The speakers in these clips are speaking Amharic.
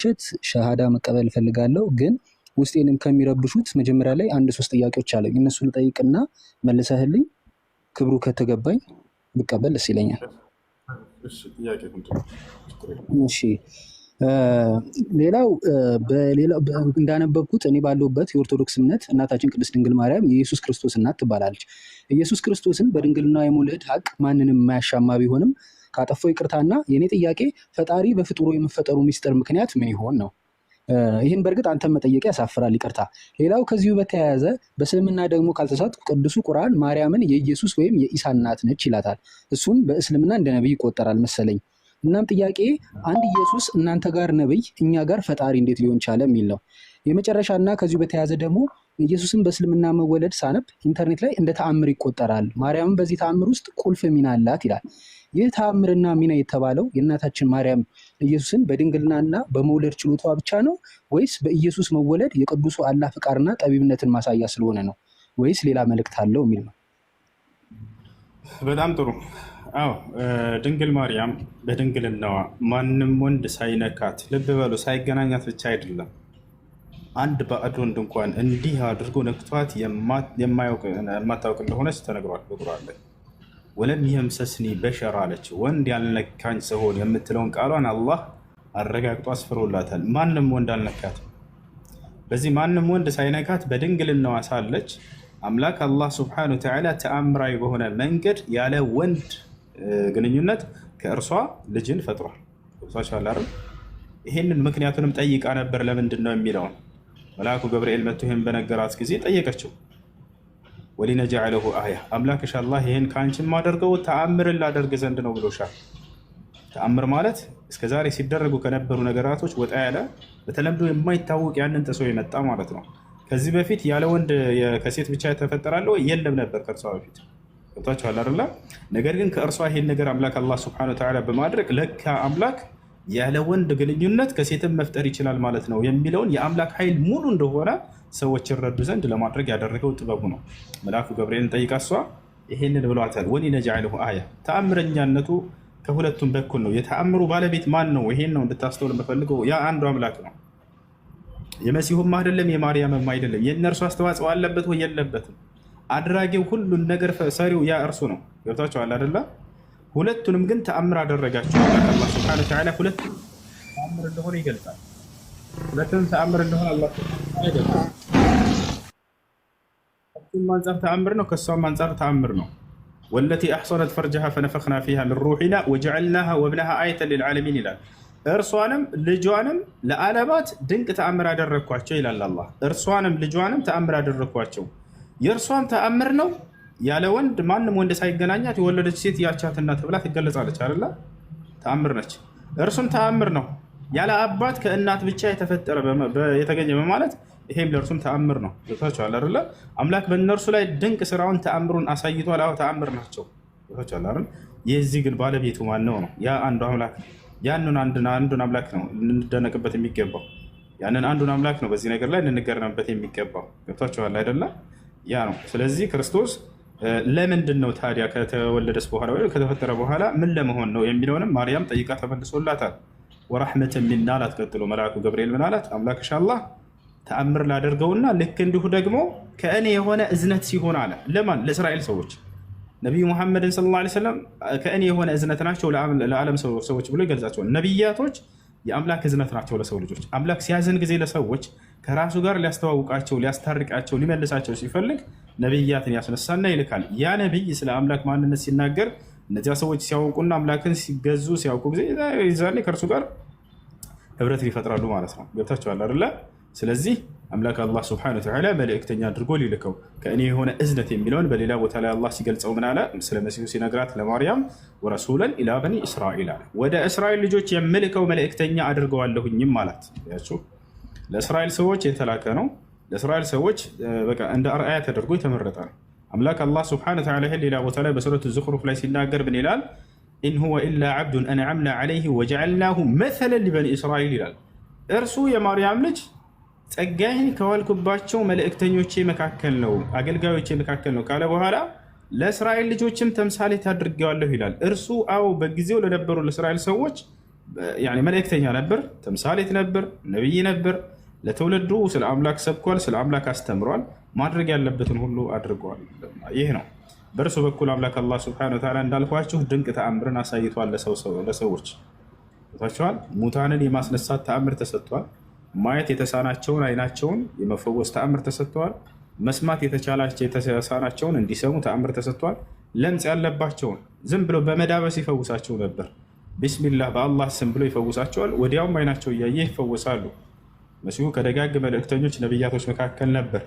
በመተቸት ሸሃዳ መቀበል እፈልጋለሁ ግን ውስጤንም ከሚረብሹት መጀመሪያ ላይ አንድ ሶስት ጥያቄዎች አለኝ። እነሱን ልጠይቅና መልሰህልኝ ክብሩ ከተገባኝ ብቀበል ደስ ይለኛል። እሺ፣ ሌላው እንዳነበብኩት እኔ ባለሁበት የኦርቶዶክስ እምነት እናታችን ቅድስት ድንግል ማርያም የኢየሱስ ክርስቶስ እናት ትባላለች። ኢየሱስ ክርስቶስን በድንግልና የመውለድ ሀቅ ማንንም የማያሻማ ቢሆንም ካጠፋው ይቅርታና የእኔ ጥያቄ ፈጣሪ በፍጡሩ የመፈጠሩ ሚስጥር ምክንያት ምን ይሆን ነው። ይህን በእርግጥ አንተን መጠየቅ ያሳፍራል፣ ይቅርታ። ሌላው ከዚሁ በተያያዘ በእስልምና ደግሞ ካልተሳትኩ ቅዱሱ ቁርአን ማርያምን የኢየሱስ ወይም የኢሳ እናት ነች ይላታል። እሱም በእስልምና እንደ ነቢይ ይቆጠራል መሰለኝ። እናም ጥያቄ አንድ ኢየሱስ እናንተ ጋር ነብይ፣ እኛ ጋር ፈጣሪ እንዴት ሊሆን ቻለ የሚል ነው። የመጨረሻና ከዚሁ በተያያዘ ደግሞ ኢየሱስን በእስልምና መወለድ ሳነብ ኢንተርኔት ላይ እንደ ተአምር ይቆጠራል፣ ማርያምን በዚህ ተአምር ውስጥ ቁልፍ ሚና አላት ይላል። ይህ ተአምርና ሚና የተባለው የእናታችን ማርያም ኢየሱስን በድንግልናና በመውለድ ችሎቷ ብቻ ነው ወይስ በኢየሱስ መወለድ የቅዱሱ አላህ ፍቃርና ጠቢብነትን ማሳያ ስለሆነ ነው ወይስ ሌላ መልእክት አለው የሚል ነው። በጣም ጥሩ። አዎ ድንግል ማርያም በድንግልናዋ ማንም ወንድ ሳይነካት፣ ልብ በሉ ሳይገናኛት ብቻ አይደለም አንድ ባዕድ ወንድ እንኳን እንዲህ አድርጎ ነክቷት የማታውቅ እንደሆነች ተነግሯል። ወለም የምሰስኒ በሸር አለች። ወንድ ያልነካኝ ስሆን የምትለውን ቃሏን አላህ አረጋግጦ አስፍሮላታል። ማንም ወንድ አልነካትም። በዚህ ማንም ወንድ ሳይነካት በድንግልናዋ ሳለች አምላክ አላህ ስብሐነሁ ወተዓላ ተአምራዊ በሆነ መንገድ ያለ ወንድ ግንኙነት ከእርሷ ልጅን ፈጥሯል። ቻላርም ይህንን ምክንያቱንም ጠይቃ ነበር። ለምንድን ነው የሚለውን መልአኩ ገብርኤል መጥቶ ይህን በነገራት ጊዜ ጠየቀችው። ወሊነጃለሁ አያ አምላክሽ አላህ ይህን ከአንቺን ማደርገው ተአምርን ላደርግ ዘንድ ነው ብሎሻል። ተአምር ማለት እስከዛሬ ሲደረጉ ከነበሩ ነገራቶች ወጣ ያለ በተለምዶ የማይታወቅ ያንን ጥሶ የመጣ ማለት ነው። ከዚህ በፊት ያለ ወንድ ከሴት ብቻ ተፈጠራለ የለም ነበር ከእርሷ በፊት ገብቷችኋል አይደለ? ነገር ግን ከእርሷ ይህን ነገር አምላክ አላህ ስብሐነ ወተዓላ በማድረግ ለካ አምላክ ያለ ወንድ ግንኙነት ከሴትም መፍጠር ይችላል ማለት ነው የሚለውን የአምላክ ኃይል ሙሉ እንደሆነ ሰዎች ይረዱ ዘንድ ለማድረግ ያደረገው ጥበቡ ነው። መልአኩ ገብርኤልን ጠይቃ እሷ ይሄንን ብሏታል። ወኒ ነጃይልሁ አያ ተአምረኛነቱ ከሁለቱም በኩል ነው። የተአምሩ ባለቤት ማን ነው? ይሄን ነው እንድታስተውል የምፈልገው። ያ አንዱ አምላክ ነው። የመሲሁም አይደለም የማርያምም አይደለም። የእነርሱ አስተዋጽኦ አለበት ወይ የለበትም? አድራጊው ሁሉን ነገር ሰሪው ያ እርሱ ነው። ገብታችኋል አይደለ? ሁለቱንም ግን ተአምር አደረጋቸው። አላህ ስብሐነሁ ወተዓላ ሁለቱም ተአምር እንደሆነ ይገልጻል። ሁለቱም ተአምር እንደሆነ አላህ ከሱም አንጻር ተአምር ነው፣ ከሷም አንጻር ተአምር ነው። ወለቲ አሕሰነት ፈርጀሃ ፈነፈኽና ፊሃ ምን ሩሒና ወጀዐልናሃ ወብነሃ አየተን ሊልዓለሚን ይላል። እርሷንም ልጇንም ለዓለማት ድንቅ ተአምር አደረግኳቸው ይላል አላህ። እርሷንም ልጇንም ተአምር አደረግኳቸው። የእርሷም ተአምር ነው ያለ ወንድ ማንም ወንድ ሳይገናኛት የወለደች ሴት ያቻትና ተብላ ትገለጻለች አለ ተአምር ነች። እርሱም ተአምር ነው። ያለ አባት ከእናት ብቻ የተፈጠረ የተገኘ በማለት ይሄም ለእርሱም ተአምር ነው። ገብቷቸዋል አይደለ? አምላክ በእነርሱ ላይ ድንቅ ስራውን ተአምሩን አሳይቷል። አዎ ተአምር ናቸው። ገብቷቸዋል አይደል? የዚህ ግን ባለቤቱ ማነው ነው? ያ አንዱ አምላክ ያንን አንዱን አምላክ ነው ልንደነቅበት የሚገባው። ያንን አንዱን አምላክ ነው በዚህ ነገር ላይ ልንገረምበት የሚገባው። ገብቷቸዋል አይደለ? ያ ነው። ስለዚህ ክርስቶስ ለምንድን ነው ታዲያ ከተወለደስ በኋላ ወይም ከተፈጠረ በኋላ ምን ለመሆን ነው የሚለውንም ማርያም ጠይቃ ተመልሶላታል። ወራሕመትን ሚና አላት። ቀጥሎ መልአኩ ገብርኤል ምን አላት? አምላክሽ አላህ ተአምር ላደርገውና ልክ እንዲሁ ደግሞ ከእኔ የሆነ እዝነት ሲሆን አለ። ለማን? ለእስራኤል ሰዎች ነቢዩ ሙሐመድን ሰለላሁ ዓለይሂ ወሰለም ከእኔ የሆነ እዝነት ናቸው ለዓለም ሰዎች ብሎ ይገልጻቸዋል ነቢያቶች የአምላክ ህዝነት ናቸው ለሰው ልጆች። አምላክ ሲያዝን ጊዜ ለሰዎች ከራሱ ጋር ሊያስተዋውቃቸው፣ ሊያስታርቃቸው፣ ሊመልሳቸው ሲፈልግ ነቢያትን ያስነሳና ይልካል። ያ ነቢይ ስለ አምላክ ማንነት ሲናገር እነዚያ ሰዎች ሲያውቁና አምላክን ሲገዙ ሲያውቁ ጊዜ ከእርሱ ጋር ህብረትን ይፈጥራሉ ማለት ነው። ገብታችኋል አይደለ? ስለዚህ አምላክ አላህ ስብሐነሁ ወተዓላ መልእክተኛ አድርጎ ሊልከው ከእኔ የሆነ እዝነት የሚለውን በሌላ ቦታ ላይ አላህ ሲገልጸው ምን አለ? ስለ መሲሁ ሲነግራት ለማርያም ወረሱለን ኢላ በኒ እስራኤል አለ። ወደ እስራኤል ልጆች የምልከው መልእክተኛ አድርገዋለሁኝም አላት። ለእስራኤል ሰዎች የተላከ ነው። ለእስራኤል ሰዎች በቃ እንደ አርአያ ተደርጎ የተመረጠ ነው። አምላክ አላህ ስብሐነሁ ወተዓላ ይህን ሌላ ቦታ ላይ በሱረቱ ዙኽሩፍ ላይ ሲናገር ምን ይላል? ኢን ሁወ ኢላ ዓብዱን አንዓምና ዓለይህ ወጀዐልናሁ መሰለን ሊበኒ እስራኤል ይላል። እርሱ የማርያም ልጅ ጸጋህን ከዋልኩባቸው መልእክተኞቼ መካከል ነው አገልጋዮቼ መካከል ነው ካለ በኋላ ለእስራኤል ልጆችም ተምሳሌት አድርጌዋለሁ ይላል። እርሱ አዎ በጊዜው ለነበሩ ለእስራኤል ሰዎች መልእክተኛ ነበር፣ ተምሳሌት ነበር፣ ነብይ ነበር። ለትውልዱ ስለ አምላክ ሰብኳል፣ ስለ አምላክ አስተምሯል። ማድረግ ያለበትን ሁሉ አድርገዋል። ይህ ነው በእርሱ በኩል አምላክ አላህ ሱብሓነሁ ወተዓላ እንዳልኳችሁ ድንቅ ተአምርን አሳይቷል። ለሰዎች ታቸዋል። ሙታንን የማስነሳት ተአምር ተሰጥቷል። ማየት የተሳናቸውን አይናቸውን የመፈወስ ተአምር ተሰጥተዋል። መስማት የተሳናቸውን እንዲሰሙ ተአምር ተሰጥተዋል። ለምጽ ያለባቸውን ዝም ብሎ በመዳበስ ይፈውሳቸው ነበር። ቢስሚላህ በአላህ ስም ብሎ ይፈውሳቸዋል። ወዲያውም አይናቸው እያየ ይፈወሳሉ። መሲሁ ከደጋግ መልእክተኞች ነቢያቶች መካከል ነበር።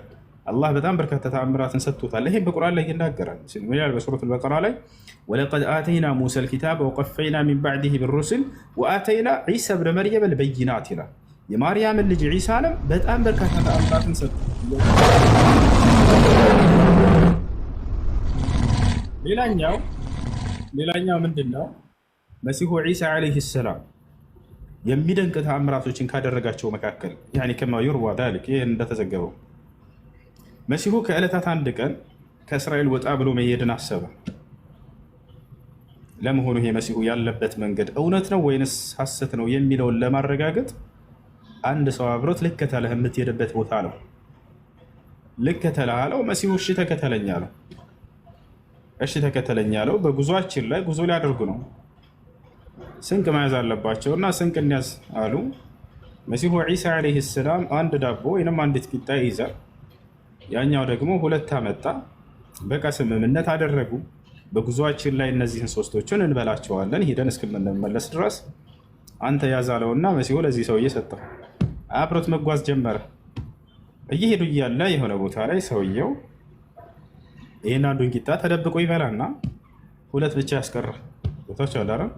አላህ በጣም በርካታ ተአምራትን ሰጥቶታል። ይህም በቁርአን ላይ ይናገራል። ይላል በሱረቱል በቀራ ላይ ወለቀድ አተይና ሙሳ ልኪታብ ወቀፈይና ሚን ባዕድህ ብሩስል ወአተይና ዒሳ ብነ መርየም ልበይናት ይላል የማርያምን ልጅ ዒሳንም በጣም በርካታ ተአምራትን ሰጡ። ሌላኛው ሌላኛው ምንድን ነው? መሲሁ ዒሳ ዓለይህ ሰላም የሚደንቅ ተአምራቶችን ካደረጋቸው መካከል ከማ ዩርዋ ዛሊክ ይህ እንደተዘገበው መሲሁ ከዕለታት አንድ ቀን ከእስራኤል ወጣ ብሎ መሄድን አሰበ። ለመሆኑ ይሄ መሲሁ ያለበት መንገድ እውነት ነው ወይንስ ሐሰት ነው የሚለውን ለማረጋገጥ አንድ ሰው አብሮት ልከተለህ የምትሄድበት ቦታ ነው። ልከተለህ አለው። መሲሁ እሺ ተከተለኝ አለው። እሺ ተከተለኝ አለው። በጉዟችን ላይ ጉዞ ሊያደርጉ ነው። ስንቅ መያዝ አለባቸውና ስንቅ እንያዝ አሉ። መሲሁ ዒሳ ዓለይሂ ሰላም አንድ ዳቦ ወይንም አንዲት ቂጣ ይይዛል። ያኛው ደግሞ ሁለት አመጣ። በቃ ስምምነት አደረጉ። በጉዟችን ላይ እነዚህን ሶስቶችን እንበላቸዋለን ሄደን እስከምንመለስ ድረስ አንተ ያዛለውና መሲሁ ለዚህ ሰውዬ ሰጠው። አብሮት መጓዝ ጀመረ። እየሄዱ እያለ የሆነ ቦታ ላይ ሰውየው ይህን አንዱን ቂጣ ተደብቆ ይበላና ሁለት ብቻ ያስቀረ ቦታቸው አላረም።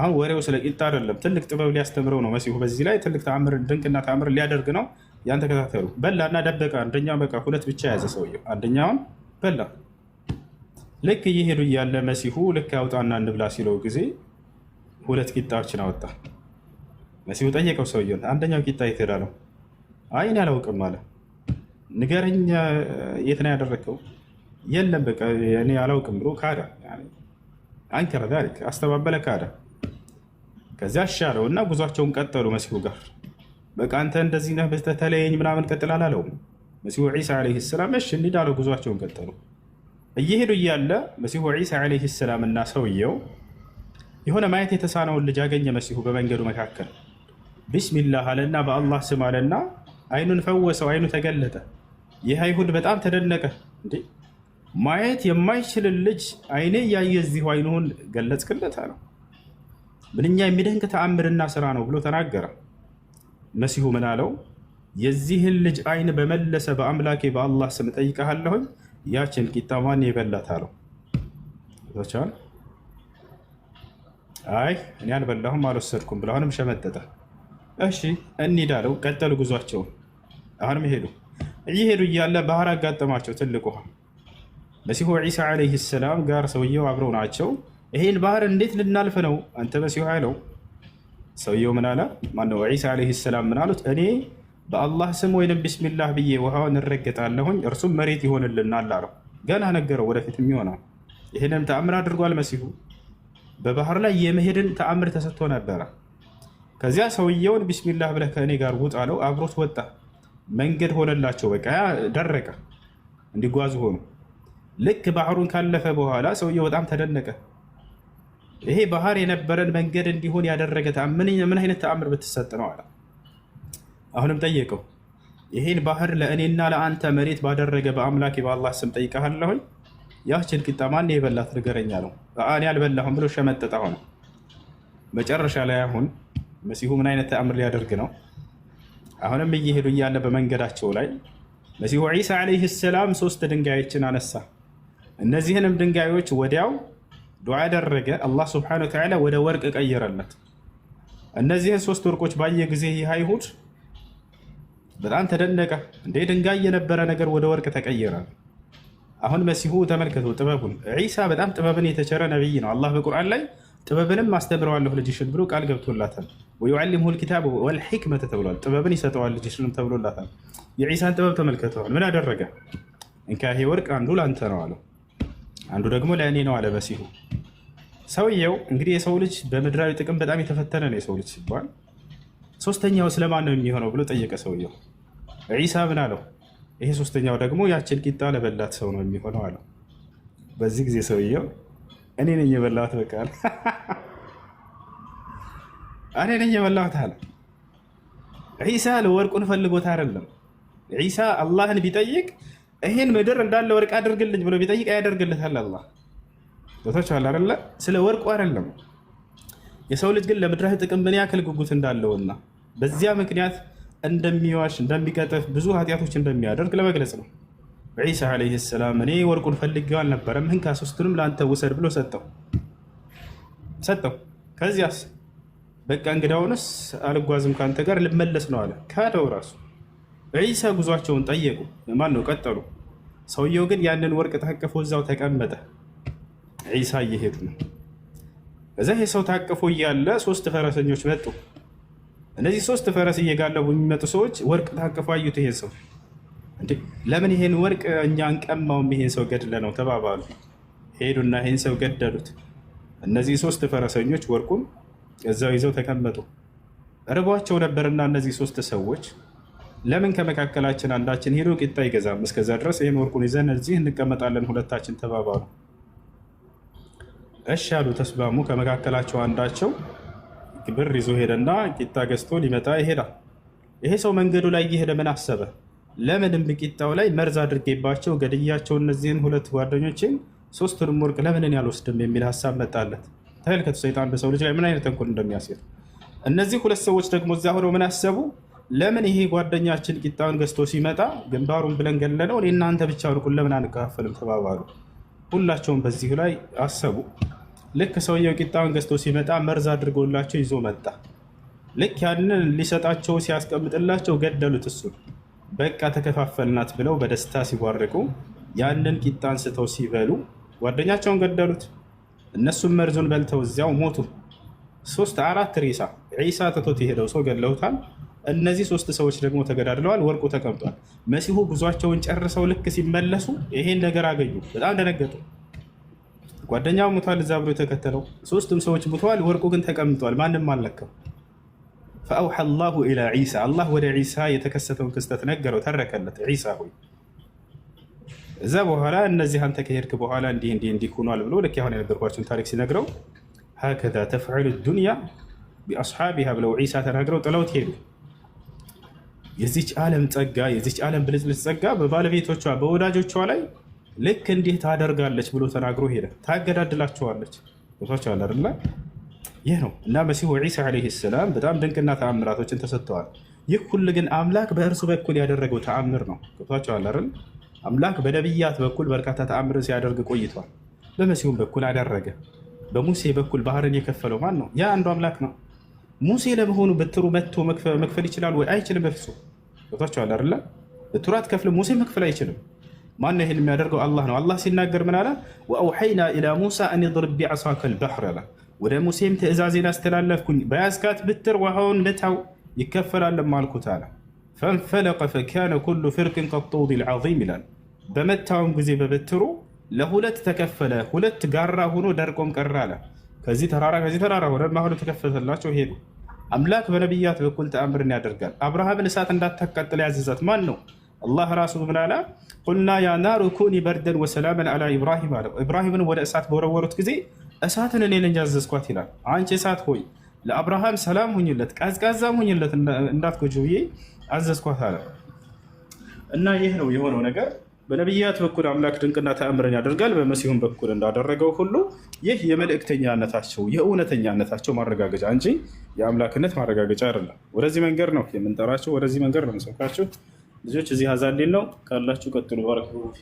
አሁን ወሬው ስለ ቂጣ አይደለም፣ ትልቅ ጥበብ ሊያስተምረው ነው መሲሁ። በዚህ ላይ ትልቅ ድንቅና ተአምር ሊያደርግ ነው። ያን ተከታተሉ። በላና ደበቀ። አንደኛው በቃ ሁለት ብቻ የያዘ ሰውየው አንደኛውን በላ። ልክ እየሄዱ እያለ መሲሁ ልክ አውጣና እንብላ ሲለው ጊዜ ሁለት ቂጣዎችን አወጣ። መሲሁ ጠየቀው ሰውየውን፣ አንደኛው ቂጣ የት ሄዳ ነው? አይ እኔ አላውቅም አለ። ንገረኝ የት ነው ያደረግከው? የለም በቃ እኔ አላውቅም ብሎ ካዳ። አንከረ ዛሊክ አስተባበለ፣ ካዳ። ከዚያ አሻለው እና ጉዟቸውን ቀጠሉ መሲሁ ጋር። በቃ አንተ እንደዚህ ነህ በተለየኝ ምናምን ቀጥል አላለውም መሲሁ ዒሳ ዓለይሂ ሰላም። እሺ እንዲዳለ ጉዟቸውን ቀጠሉ። እየሄዱ እያለ መሲሁ ዒሳ ዓለይሂ ሰላም እና ሰውየው የሆነ ማየት የተሳነውን ልጅ አገኘ መሲሁ በመንገዱ መካከል ቢስሚላህ አለና በአላህ ስም አለና አይኑን ፈወሰው። አይኑ ተገለጠ። ይህ አይሁድ በጣም ተደነቀ። እንዴ ማየት የማይችልን ልጅ አይኔ እያየ እዚሁ አይኑን ገለጽክለት አለው። ምንኛ የሚደንቅ ተአምርና ስራ ነው ብሎ ተናገረ። መሲሁ ምን አለው? የዚህን ልጅ አይን በመለሰ በአምላኬ በአላህ ስም ጠይቀሃለሁኝ፣ ያችን ቂጣ ማን የበላት አለው። አይ እኔ አልበላሁም አልወሰድኩም ብለሁንም ሸመጠጠ። እሺ እንሂድ አለው። ቀጠሉ ጉዟቸው። አሁንም ሄዱ። እየሄዱ እያለ ባህር አጋጠማቸው ትልቅ ውሃ። መሲሁ ዒሳ ዓለይሂ ሰላም ጋር ሰውየው አብረው ናቸው። ይሄን ባህር እንዴት ልናልፍ ነው? አንተ መሲሁ አለው። ሰውየው ምን አለ? ማነው ዒሳ ዓለይሂ ሰላም ምን አሉት? እኔ በአላህ ስም ወይንም ቢስሚላህ ብዬ ውሃውን እረግጣለሁኝ እርሱም መሬት ይሆንልናል አለው። ገና ነገረው፣ ወደፊት የሚሆነው ይህንም ተአምር አድርጓል መሲሁ። በባህር ላይ የመሄድን ተአምር ተሰጥቶ ነበረ። ከዚያ ሰውየውን ቢስሚላህ ብለህ ከእኔ ጋር ውጣ አለው። አብሮት ወጣ። መንገድ ሆነላቸው። በቃ ደረቀ፣ እንዲጓዙ ሆኑ። ልክ ባህሩን ካለፈ በኋላ ሰውየው በጣም ተደነቀ። ይሄ ባህር የነበረን መንገድ እንዲሆን ያደረገ ምን አይነት ተአምር ብትሰጥ ነው አለ። አሁንም ጠየቀው፣ ይሄን ባህር ለእኔና ለአንተ መሬት ባደረገ በአምላክ በአላህ ስም ጠይቀሃለሁኝ። ያችን ቂጣ ማን የበላት ንገረኛ ነው። እኔ አልበላሁም ብሎ ሸመጠጣ ሆነ። መጨረሻ ላይ አሁን መሲሁ ምን አይነት ተአምር ሊያደርግ ነው? አሁንም እየሄዱ እያለ በመንገዳቸው ላይ መሲሁ ዒሳ ዓለይህ ሰላም ሶስት ድንጋዮችን አነሳ። እነዚህንም ድንጋዮች ወዲያው ዱዓ አደረገ። አላህ ስብሐነሁ ወተዓላ ወደ ወርቅ ቀየረለት። እነዚህን ሶስት ወርቆች ባየ ጊዜ ይህ አይሁድ በጣም ተደነቀ። እንደ ድንጋይ የነበረ ነገር ወደ ወርቅ ተቀየረ። አሁን መሲሁ ተመልከቱ ጥበቡን። ዒሳ በጣም ጥበብን የተቸረ ነቢይ ነው። አላህ በቁርአን ላይ ጥበብንም አስተምረዋለሁ ልጅሽን ብሎ ቃል ገብቶላታል። ወዩዓሊሙሁል ልኪታብ ወልሕክመተ ተብሏል። ጥበብን ይሰጠዋል ልጅሽንም ተብሎላታል። የዒሳን ጥበብ ተመልከተዋል። ምን አደረገ? ሄ ወርቅ አንዱ ለአንተ ነው አለው፣ አንዱ ደግሞ ለእኔ ነው አለ መሲሁ። ሰውየው እንግዲህ የሰው ልጅ በምድራዊ ጥቅም በጣም የተፈተነ ነው የሰው ልጅ ሲባል፣ ሶስተኛው ስለማን ነው የሚሆነው ብሎ ጠየቀ ሰውየው። ዒሳ ምን አለው? ይሄ ሶስተኛው ደግሞ ያችን ቂጣ ለበላት ሰው ነው የሚሆነው አለው። በዚህ ጊዜ ሰውየው እኔ ነኝ የበላሁት በቃ እኔ ነኝ የበላሁት አለ። ዒሳ ለወርቁን ፈልጎት አይደለም። ዒሳ አላህን ቢጠይቅ ይህን ምድር እንዳለ ወርቅ አድርግልኝ ብሎ ቢጠይቅ ያደርግልታል። አላህ ቶችኋል አለ። ስለ ወርቁ አይደለም። የሰው ልጅ ግን ለምድራዊ ጥቅም ምን ያክል ጉጉት እንዳለውና በዚያ ምክንያት እንደሚዋሽ እንደሚቀጥፍ ብዙ ኃጢአቶች እንደሚያደርግ ለመግለጽ ነው። ዒሳ ዓለይሂ ሰላም እኔ ወርቁን ፈልጌው አልነበረም፣ ህንካ ሶስቱንም ለአንተ ውሰድ ብሎ ሰጠው ሰጠው። ከዚያስ በቃ እንግዳውንስ አልጓዝም ከአንተ ጋር ልመለስ ነው አለ። ካደው ራሱ ዒሳ ጉዟቸውን ጠየቁ። ማን ነው ቀጠሉ። ሰውየው ግን ያንን ወርቅ ታቅፎ እዛው ተቀመጠ። ዒሳ እየሄዱ ነው። እዛ ሰው ታቅፎ እያለ ሶስት ፈረሰኞች መጡ። እነዚህ ሶስት ፈረስ እየጋለቡ የሚመጡ ሰዎች ወርቅ ታቅፎ አዩት ይሄ ሰው ለምን ይሄን ወርቅ እኛ እንቀማውም ይሄን ሰው ገድለ ነው ተባባሉ። ሄዱና ይሄን ሰው ገደሉት። እነዚህ ሶስት ፈረሰኞች ወርቁም እዛው ይዘው ተቀመጡ። ርቧቸው ነበርና እነዚህ ሶስት ሰዎች ለምን ከመካከላችን አንዳችን ሄዶ ቂጣ ይገዛም እስከዛ ድረስ ይህን ወርቁን ይዘን እዚህ እንቀመጣለን ሁለታችን ተባባሉ። እሺ ያሉ ተስማሙ። ከመካከላቸው አንዳቸው ብር ይዞ ሄደና ቂጣ ገዝቶ ሊመጣ ይሄዳል። ይሄ ሰው መንገዱ ላይ እየሄደ ምን አሰበ? ለምንም ቂጣው ላይ መርዝ አድርጌባቸው ገድያቸው እነዚህን ሁለት ጓደኞችን ሶስቱንም ወርቅ ለምንን ያልወስድም የሚል ሀሳብ መጣለት። ተመልከቱ ሰይጣን በሰው ልጅ ላይ ምን አይነት ተንኮል እንደሚያሴር። እነዚህ ሁለት ሰዎች ደግሞ እዚያ ሆነው ምን ያሰቡ? ለምን ይሄ ጓደኛችን ቂጣውን ገዝቶ ሲመጣ ግንባሩን ብለን ገለነው፣ እናንተ ብቻ አውልቁን ለምን አንካፈልም ተባባሉ። ሁላቸውም በዚሁ ላይ አሰቡ። ልክ ሰውየው ቂጣውን ገዝቶ ሲመጣ መርዝ አድርጎላቸው ይዞ መጣ። ልክ ያንን ሊሰጣቸው ሲያስቀምጥላቸው ገደሉት እሱ በቃ ተከፋፈልናት ብለው በደስታ ሲቧርቁ ያንን ቂጣ አንስተው ሲበሉ ጓደኛቸውን ገደሉት። እነሱም መርዙን በልተው እዚያው ሞቱ። ሶስት አራት ሬሳ ዒሳ ትቶት የሄደው ሰው ገድለውታል። እነዚህ ሶስት ሰዎች ደግሞ ተገዳድለዋል። ወርቁ ተቀምጧል። መሲሁ ጉዟቸውን ጨርሰው ልክ ሲመለሱ ይሄን ነገር አገኙ። በጣም ደነገጡ። ጓደኛው ሙቷል፣ እዛ ብሎ የተከተለው ሶስቱም ሰዎች ሙተዋል። ወርቁ ግን ተቀምጧል። ማንም አልነካው። ፈአውሐ አላሁ ኢላ ዒሳ አላህ ወደ ዒሳ የተከሰተውን ክስተት ነገረው፣ ተረከለት። ዒሳ ሆይ እዛ በኋላ እነዚህ አንተ ከሄድክ በኋላ እንዲህ እንዲህ እንዲህ ሆኗል ብሎ ልክ አሁን የነገርኳቸውን ታሪክ ሲነግረው ሀከዛ ተፍዐሉ ዱንያ ቢአስሓቢሃ ብለው ዒሳ ተናግረው ጥለውት ሄዱ። የዚች ዓለም ጸጋ፣ የዚች ዓለም ብልጭልጭ ጸጋ በባለቤቶቿ በወዳጆቿ ላይ ልክ እንዲህ ታደርጋለች ብሎ ተናግሮ ሄደ። ታገዳድላችኋለች ቻ ይህ ነው እና መሲሁ ዒሳ ዓለይሂ ሰላም በጣም ድንቅና ተአምራቶችን ተሰጥተዋል። ይህ ሁሉ ግን አምላክ በእርሱ በኩል ያደረገው ተአምር ነው። ገብቷቸዋል አይደል? አምላክ በነቢያት በኩል በርካታ ተአምር ሲያደርግ ቆይቷል። በመሲሁም በኩል አደረገ። በሙሴ በኩል ባህርን የከፈለው ማን ነው? ያ አንዱ አምላክ ነው። ሙሴ ለመሆኑ በትሩ መጥቶ መክፈል ይችላል ወይ? አይችልም። በፍጹም ገብቷቸዋል አይደለ? በትሩ አትከፍልም። ሙሴ መክፈል አይችልም። ማን ይህን የሚያደርገው? አላህ ነው። አላህ ሲናገር ምን አለ? ወአውሐይና ኢላ ሙሳ አን ድርብ ቢዐሳከል ባህር አለ ወደ ሙሴም ትእዛዜን አስተላለፍኩኝ በያዝካት ብትር ውሃውን ልታው ይከፈላለም አልኩት አለ። ፈንፈለቀ ፈካነ ኩሉ ፍርቅን ቀጦዲ ልዓዚም ይላል። በመታውም ጊዜ በበትሩ ለሁለት ተከፈለ። ሁለት ጋራ ሆኖ ደርቆም ቀረ አለ። ከዚህ ተራራ ከዚህ ተራራ ወደ ማሁሉ ተከፈተላቸው ሄዱ። አምላክ በነቢያት በኩል ተአምርን ያደርጋል። አብርሃምን እሳት እንዳታቃጥል ያዘዛት ማን ነው? አላህ ራሱ ምን አለ? ቁልና ያ ናሩ ኩኒ በርደን ወሰላመን አላ ኢብራሂም አለ። ኢብራሂምን ወደ እሳት በወረወሩት ጊዜ እሳትን እኔ ነኝ ያዘዝኳት ይላል። አንቺ እሳት ሆይ ለአብርሃም ሰላም ሁኝለት፣ ቀዝቃዛም ሁኝለት እንዳትጎጂ ብዬ አዘዝኳት አለ እና ይህ ነው የሆነው ነገር። በነቢያት በኩል አምላክ ድንቅና ተአምርን ያደርጋል። በመሲሁም በኩል እንዳደረገው ሁሉ ይህ የመልእክተኛነታቸው የእውነተኛነታቸው ማረጋገጫ እንጂ የአምላክነት ማረጋገጫ አይደለም። ወደዚህ መንገድ ነው የምንጠራቸው፣ ወደዚህ መንገድ ነው የምንሰብካቸው። ልጆች እዚህ ሀዛ ነው ካላችሁ ቀጥሉ። ባረክ